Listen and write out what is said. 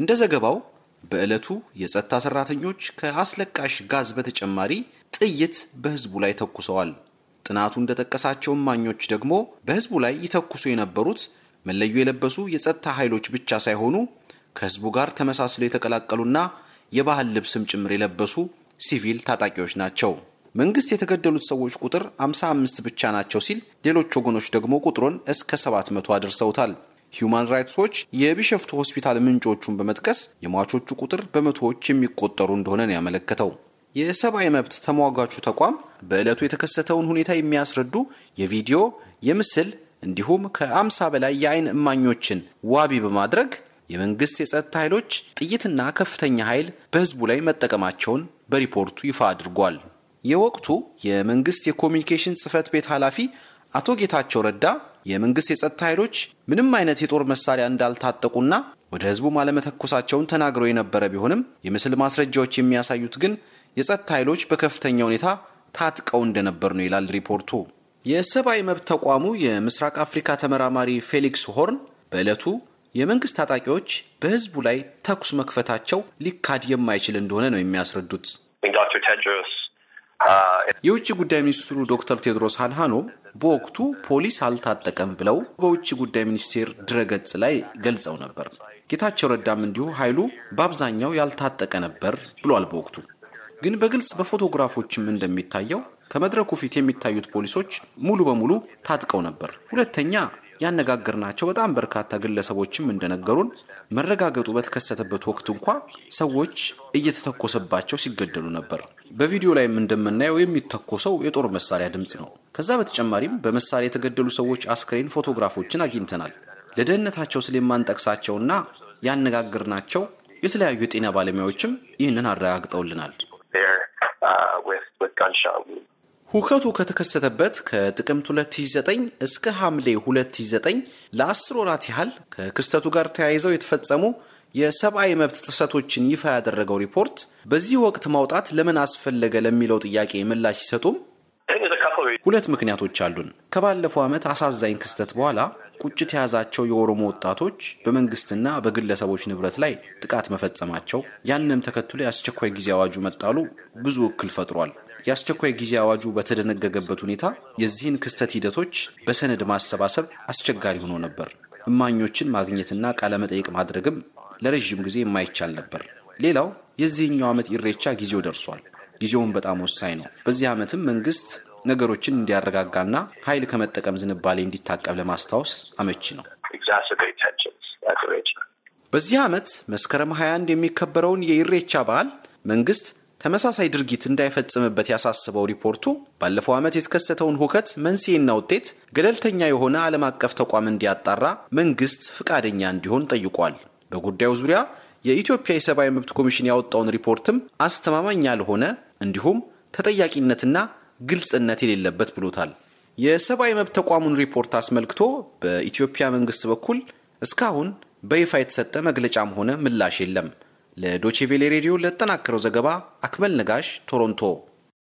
እንደ ዘገባው በዕለቱ የጸጥታ ሰራተኞች ከአስለቃሽ ጋዝ በተጨማሪ ጥይት በህዝቡ ላይ ተኩሰዋል። ጥናቱ እንደጠቀሳቸው እማኞች ደግሞ በህዝቡ ላይ ይተኩሱ የነበሩት መለዩ የለበሱ የጸጥታ ኃይሎች ብቻ ሳይሆኑ ከህዝቡ ጋር ተመሳስለው የተቀላቀሉና የባህል ልብስም ጭምር የለበሱ ሲቪል ታጣቂዎች ናቸው። መንግስት የተገደሉት ሰዎች ቁጥር 55 ብቻ ናቸው ሲል ሌሎች ወገኖች ደግሞ ቁጥሩን እስከ 700 አድርሰውታል። ሂዩማን ራይትስ ዎች የቢሸፍቱ ሆስፒታል ምንጮቹን በመጥቀስ የሟቾቹ ቁጥር በመቶዎች የሚቆጠሩ እንደሆነ ነው ያመለከተው። የሰብአዊ መብት ተሟጋቹ ተቋም በዕለቱ የተከሰተውን ሁኔታ የሚያስረዱ የቪዲዮ፣ የምስል እንዲሁም ከአምሳ በላይ የአይን እማኞችን ዋቢ በማድረግ የመንግስት የጸጥታ ኃይሎች ጥይትና ከፍተኛ ኃይል በህዝቡ ላይ መጠቀማቸውን በሪፖርቱ ይፋ አድርጓል። የወቅቱ የመንግስት የኮሚኒኬሽን ጽህፈት ቤት ኃላፊ አቶ ጌታቸው ረዳ የመንግስት የጸጥታ ኃይሎች ምንም አይነት የጦር መሳሪያ እንዳልታጠቁና ወደ ህዝቡ አለመተኮሳቸውን ተናግረው የነበረ ቢሆንም የምስል ማስረጃዎች የሚያሳዩት ግን የጸጥታ ኃይሎች በከፍተኛ ሁኔታ ታጥቀው እንደነበር ነው ይላል ሪፖርቱ። የሰብአዊ መብት ተቋሙ የምስራቅ አፍሪካ ተመራማሪ ፌሊክስ ሆርን በዕለቱ የመንግስት ታጣቂዎች በህዝቡ ላይ ተኩስ መክፈታቸው ሊካድ የማይችል እንደሆነ ነው የሚያስረዱት። የውጭ ጉዳይ ሚኒስትሩ ዶክተር ቴድሮስ አድሃኖም በወቅቱ ፖሊስ አልታጠቀም ብለው በውጭ ጉዳይ ሚኒስቴር ድረገጽ ላይ ገልጸው ነበር። ጌታቸው ረዳም እንዲሁ ኃይሉ በአብዛኛው ያልታጠቀ ነበር ብሏል። በወቅቱ ግን በግልጽ በፎቶግራፎችም እንደሚታየው ከመድረኩ ፊት የሚታዩት ፖሊሶች ሙሉ በሙሉ ታጥቀው ነበር። ሁለተኛ ያነጋገርናቸው በጣም በርካታ ግለሰቦችም እንደነገሩን መረጋገጡ በተከሰተበት ወቅት እንኳ ሰዎች እየተተኮሰባቸው ሲገደሉ ነበር። በቪዲዮ ላይም እንደምናየው የሚተኮሰው የጦር መሳሪያ ድምፅ ነው። ከዛ በተጨማሪም በመሳሪያ የተገደሉ ሰዎች አስክሬን ፎቶግራፎችን አግኝተናል። ለደህንነታቸው ስለማንጠቅሳቸውና ያነጋገርናቸው የተለያዩ የጤና ባለሙያዎችም ይህንን አረጋግጠውልናል። uh, ሁከቱ ከተከሰተበት ከጥቅምት 2009 እስከ ሐምሌ 2009 ለአስር ወራት ያህል ከክስተቱ ጋር ተያይዘው የተፈጸሙ የሰብአዊ መብት ጥሰቶችን ይፋ ያደረገው ሪፖርት በዚህ ወቅት ማውጣት ለምን አስፈለገ ለሚለው ጥያቄ ምላሽ ሲሰጡም ሁለት ምክንያቶች አሉን። ከባለፈው ዓመት አሳዛኝ ክስተት በኋላ ቁጭት የያዛቸው የኦሮሞ ወጣቶች በመንግስትና በግለሰቦች ንብረት ላይ ጥቃት መፈጸማቸው፣ ያንንም ተከትሎ የአስቸኳይ ጊዜ አዋጁ መጣሉ ብዙ እክል ፈጥሯል። የአስቸኳይ ጊዜ አዋጁ በተደነገገበት ሁኔታ የዚህን ክስተት ሂደቶች በሰነድ ማሰባሰብ አስቸጋሪ ሆኖ ነበር። እማኞችን ማግኘትና ቃለመጠይቅ ማድረግም ለረዥም ጊዜ የማይቻል ነበር። ሌላው የዚህኛው ዓመት ኢሬቻ ጊዜው ደርሷል። ጊዜውን በጣም ወሳኝ ነው። በዚህ ዓመትም መንግስት ነገሮችን እንዲያረጋጋና ኃይል ከመጠቀም ዝንባሌ እንዲታቀብ ለማስታወስ አመቺ ነው። በዚህ ዓመት መስከረም 21 የሚከበረውን የኢሬቻ በዓል መንግስት ተመሳሳይ ድርጊት እንዳይፈጽምበት ያሳስበው ሪፖርቱ ባለፈው ዓመት የተከሰተውን ሁከት መንስኤና ውጤት ገለልተኛ የሆነ ዓለም አቀፍ ተቋም እንዲያጣራ መንግስት ፍቃደኛ እንዲሆን ጠይቋል። በጉዳዩ ዙሪያ የኢትዮጵያ የሰብአዊ መብት ኮሚሽን ያወጣውን ሪፖርትም አስተማማኝ ያልሆነ እንዲሁም ተጠያቂነትና ግልጽነት የሌለበት ብሎታል። የሰብአዊ መብት ተቋሙን ሪፖርት አስመልክቶ በኢትዮጵያ መንግስት በኩል እስካሁን በይፋ የተሰጠ መግለጫም ሆነ ምላሽ የለም። ለዶቼቬሌ ሬዲዮ ለጠናከረው ዘገባ አክመል ነጋሽ ቶሮንቶ